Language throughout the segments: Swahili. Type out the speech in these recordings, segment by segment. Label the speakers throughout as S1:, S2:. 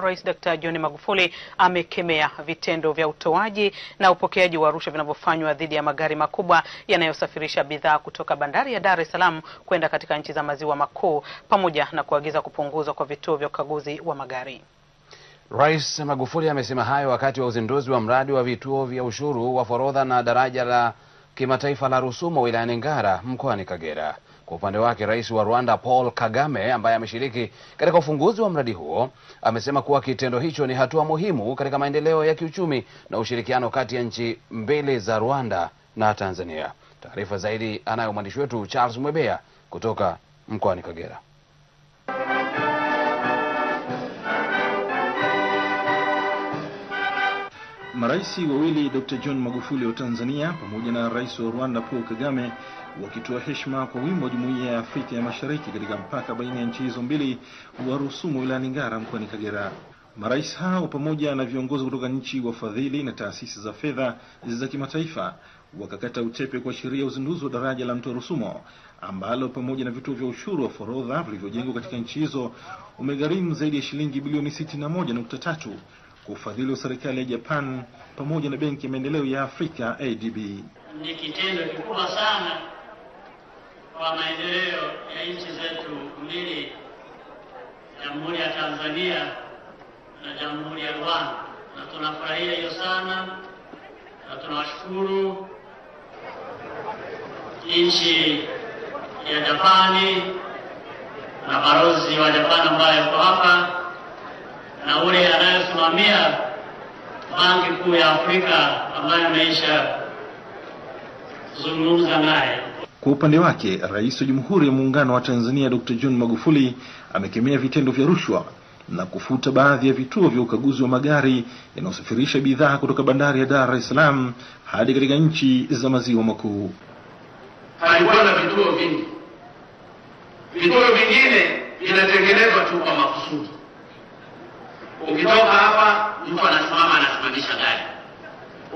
S1: Rais Dkt. John Magufuli amekemea vitendo vya utoaji na upokeaji wa rushwa vinavyofanywa dhidi ya magari makubwa yanayosafirisha bidhaa kutoka bandari ya Dar es Salaam kwenda katika nchi za maziwa makuu pamoja na kuagiza kupunguzwa kwa vituo vya ukaguzi wa magari.
S2: Rais Magufuli amesema hayo wakati wa uzinduzi wa mradi wa vituo vya ushuru wa forodha na daraja la kimataifa la Rusumo wilayani Ngara mkoani Kagera. Kwa upande wake, rais wa Rwanda Paul Kagame ambaye ameshiriki katika ufunguzi wa mradi huo amesema kuwa kitendo hicho ni hatua muhimu katika maendeleo ya kiuchumi na ushirikiano kati ya nchi mbili za Rwanda na Tanzania. Taarifa zaidi anayo mwandishi wetu Charles Mwebea kutoka mkoani Kagera.
S3: maraisi wawili Dr. John Magufuli wa Tanzania pamoja na Rais wa Rwanda Paul Kagame wakitoa heshima kwa wimbo wa Jumuiya ya Afrika ya Mashariki katika mpaka baina ya nchi hizo mbili wa Rusumo wilayani Ngara mkoani Kagera. Marais hao pamoja na viongozi kutoka nchi wafadhili na taasisi za fedha za kimataifa wakakata utepe kuashiria uzinduzi wa daraja la mto Rusumo ambalo pamoja na vituo vya ushuru wa forodha vilivyojengwa katika nchi hizo umegharimu zaidi ya shilingi bilioni tatu kwa ufadhili wa serikali ya Japan pamoja na Benki ya Maendeleo ya Afrika ADB.
S4: Ni kitendo kikubwa sana kwa maendeleo ya nchi zetu mbili, Jamhuri ya Tanzania na Jamhuri ya Rwanda, na tunafurahia hiyo sana na tunawashukuru nchi ya Japani na balozi wa Japani ambaye yuko hapa na ule anayesimamia Banki Kuu ya Afrika ambayo ameisha zungumza naye.
S2: Kwa upande wake, Rais wa Jamhuri ya Muungano wa Tanzania Dr. John Magufuli amekemea vitendo vya rushwa na kufuta baadhi ya vituo vya ukaguzi wa magari yanayosafirisha bidhaa kutoka bandari ya Dar es Salaam hadi katika nchi za maziwa makuu.
S5: Palikuwa na vituo vingi, vituo vingine vinatengenezwa tu kwa makusudi Ukitoka hapa mtu anasimama anasimamisha gari,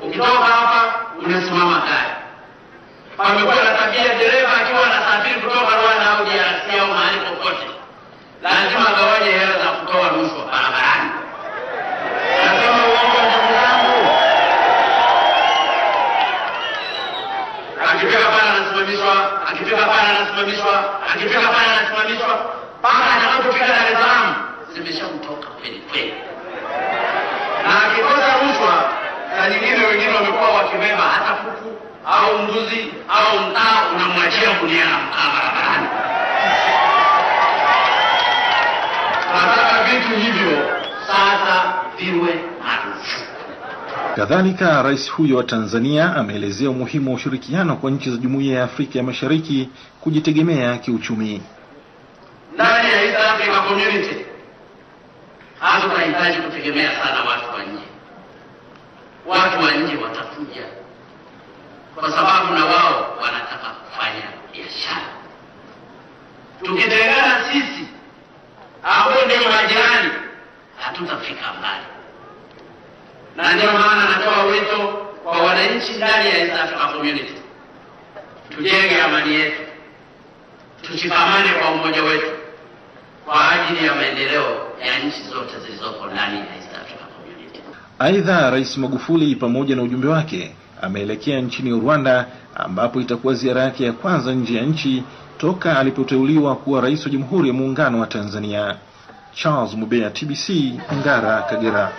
S5: ukitoka hapa unasimama gari. Pamekuwa na tabia dereva akiwa anasafiri kutoka Rwanda au DRC au mahali popote, lazima gawaje hela za kutoa rushwa barabarani. Nasema uongo ndugu zangu? Akifika pale anasimamishwa, akifika pale anasimamishwa, akifika pale anasimamishwa mpaka atakapofika kuku au mbuzi au mtaa, unamwachia gunia la mkaa barabarani. Nataka vitu hivyo sasa viwe marufuku.
S2: Kadhalika, rais huyo wa Tanzania ameelezea umuhimu wa ushirikiano kwa nchi za Jumuiya ya Afrika ya Mashariki kujitegemea kiuchumi.
S5: Ndani ya East Africa Community hasa tunahitaji kutegemea sana watu wa nje, watu wa nje watakuja kwa sababu na wao wanataka kufanya biashara. Tukitengana sisi au ndio majirani, hatutafika mbali, na ndio maana natoa wito kwa wananchi ndani ya East Africa Community, tujenge amani yetu, tushikamane kwa umoja wetu kwa ajili ya maendeleo ya nchi zote zilizoko ndani ya East Africa Community.
S2: Aidha, Rais Magufuli pamoja na ujumbe wake ameelekea nchini Rwanda ambapo itakuwa ziara yake ya kwanza nje ya nchi toka alipoteuliwa kuwa rais wa Jamhuri ya Muungano wa Tanzania. Charles Mubea, TBC, Ngara, Kagera.